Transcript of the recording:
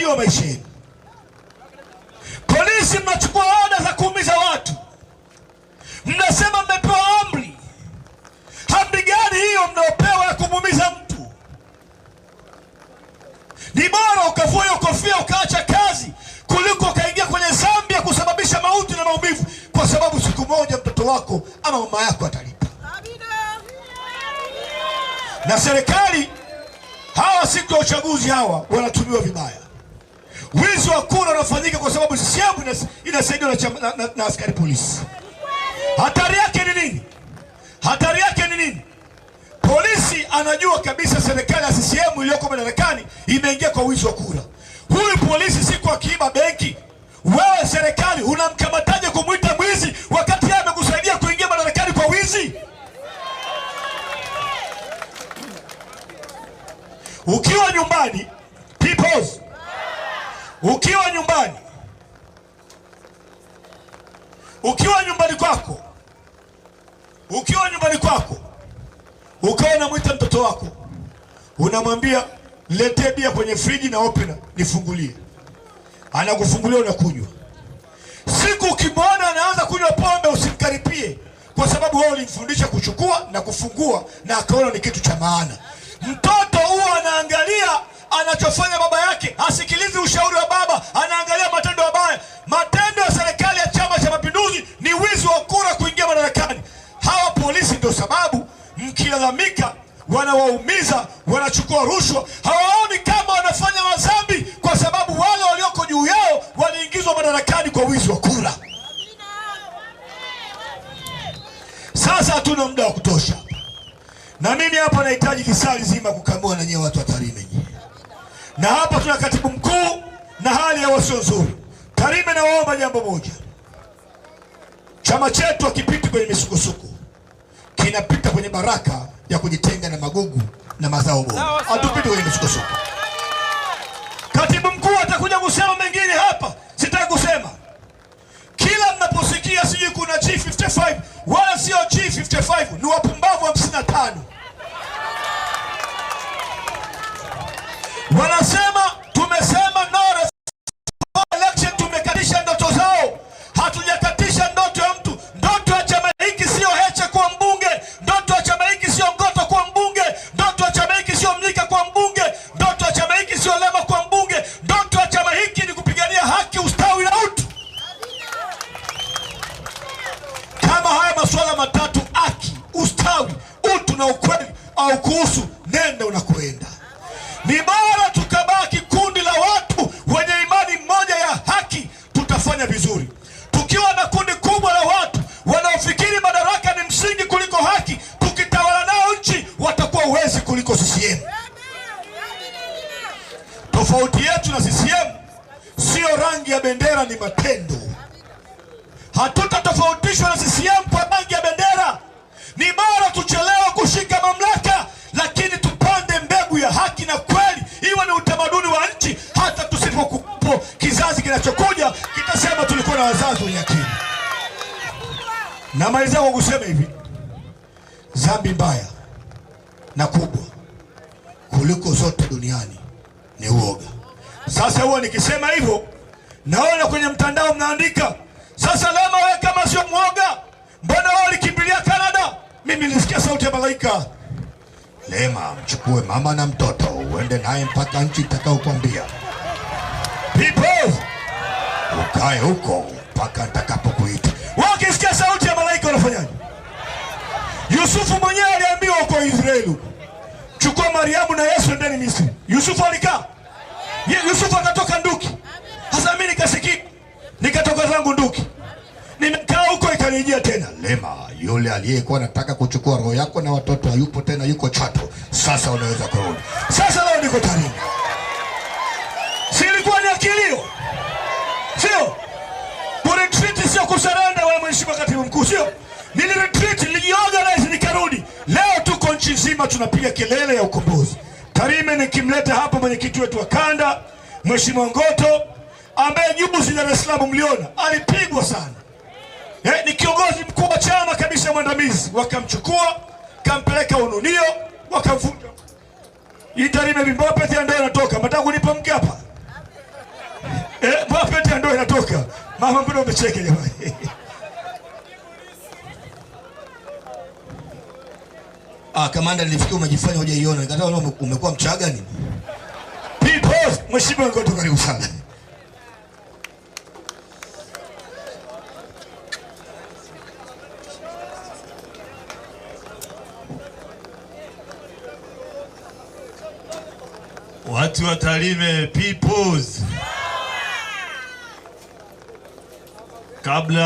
mnajua maisha yenu. Polisi mnachukua oda za kuumiza watu, mnasema mmepewa amri. Amri gani hiyo mnaopewa ya kumuumiza mtu? Ni bora ukavua hiyo kofia ukaacha kazi kuliko ukaingia kwenye zambi ya kusababisha mauti na maumivu, kwa sababu siku moja mtoto wako ama mama yako atalipa. Na serikali hawa, siku ya uchaguzi hawa wanatumiwa vibaya. Wizi wa kura unafanyika kwa sababu CCM inasaidiwa na, na, na askari polisi. Hatari yake ni nini? Hatari yake ni nini? Polisi anajua kabisa serikali ya CCM iliyoko madarakani imeingia kwa wizi wa kura. Huyu polisi siku akiiba benki, wewe serikali unamkamataje kumwita mwizi wakati yeye amekusaidia kuingia madarakani kwa wizi? Ukiwa nyumbani ukiwa nyumbani, ukiwa nyumbani kwako, ukiwa nyumbani kwako, ukawa namwita mtoto wako, unamwambia niletee bia kwenye friji na opena nifungulie, anakufungulia, unakunywa. Siku ukimwona anaanza kunywa pombe, usimkaripie, kwa sababu wewe ulimfundisha kuchukua na kufungua, na akaona ni kitu cha maana. Mtoto huwa anaangalia anachofanya baba yake, hasikilizi ushauri wa baba, anaangalia matendo mabaya. Matendo ya serikali ya Chama cha Mapinduzi ni wizi wa kura kuingia madarakani. Hawa polisi ndio sababu mkilalamika, wanawaumiza, wanachukua rushwa, hawaoni kama wanafanya mazambi kwa sababu wale walioko juu yao waliingizwa madarakani kwa wizi wa kura. Sasa hatuna muda wa kutosha, na mimi hapa nahitaji kisali zima kukamua na nyewe watu wa na hapa tuna katibu mkuu na hali ya wasio nzuri. Tarime, nawaomba jambo moja, chama chetu akipiti kwenye misukosuko kinapita kwenye baraka ya kujitenga na magugu na mazao bora, hatupiti kwenye misukosuko. Katibu mkuu atakuja kusema Wanasema tumesema no election, tumekatisha ndoto zao. Hatujakatisha ndoto ya mtu. Ndoto ya chama hiki sio Heche kuwa mbunge, ndoto ya chama hiki sio Ngoto kuwa mbunge, ndoto ya chama hiki sio Mnyika kuwa mbunge, ndoto ya chama hiki sio Lema kuwa mbunge. Ndoto ya chama hiki ni kupigania haki, ustawi na utu. Kama haya masuala matatu, haki, ustawi, utu na ukweli, au kuhusu bendera ni matendo. Hatutatofautishwa na CCM kwa rangi ya bendera. Ni bora tuchelewa kushika mamlaka, lakini tupande mbegu ya haki na kweli, iwe ni utamaduni wa nchi. Hata tusipokupo, kizazi kinachokuja kitasema tulikuwa na wazazi wenye akili. Namalizia kwa kusema hivi, dhambi mbaya na kubwa kuliko zote duniani ni uoga. Sasa huwa nikisema hivyo Naona kwenye mtandao mnaandika sasa, lama wewe kama sio mwoga, mbona wao walikimbilia Canada? Mimi nilisikia sauti ya malaika, Lema mchukue mama na mtoto uende naye mpaka nchi nitakayokuambia, people ukae huko mpaka nitakapokuita. Wao wakisikia sauti ya malaika wanafanyaje? Yusufu mwenyewe aliambiwa huko Israeli, chukua Mariamu na Yesu endeni Misri. Yusufu alikaa, Yusufu akatoka nduki sasa mimi nikasikika, nikatoka zangu nduki, nimekaa huko, ikanijia tena Lema, yule aliyekuwa anataka kuchukua roho yako na watoto hayupo tena, yuko Chato. Sasa unaweza kurudi. Sasa leo niko Tarime, silikuwa ni akilio, sio kuretreat, sio kusarenda, wala mheshimiwa katibu mkuu, sio niliretreat, nilijiorganize, nikarudi. Leo tuko nchi nzima tunapiga kelele ya ukombozi. Tarime nikimleta hapa mwenyekiti wetu wa kanda Mheshimiwa Ngoto ambaye juzi Dar es Salaam mliona alipigwa sana eh, ni kiongozi mkuu wa chama kabisa mwandamizi, wakamchukua kampeleka Ununio, wakamfunga itarime Mbappe ya ndoa inatoka Mtaka kunipa mke hapa eh, Mbappe ya ndoa inatoka mama, mbona umecheke jamani? Ah, kamanda nilifikia umejifanya hujaiona. Nikataa wewe umekuwa mchaga nini? People, mheshimiwa Ngoto karibu sana. watu wa Tarime peoples kabla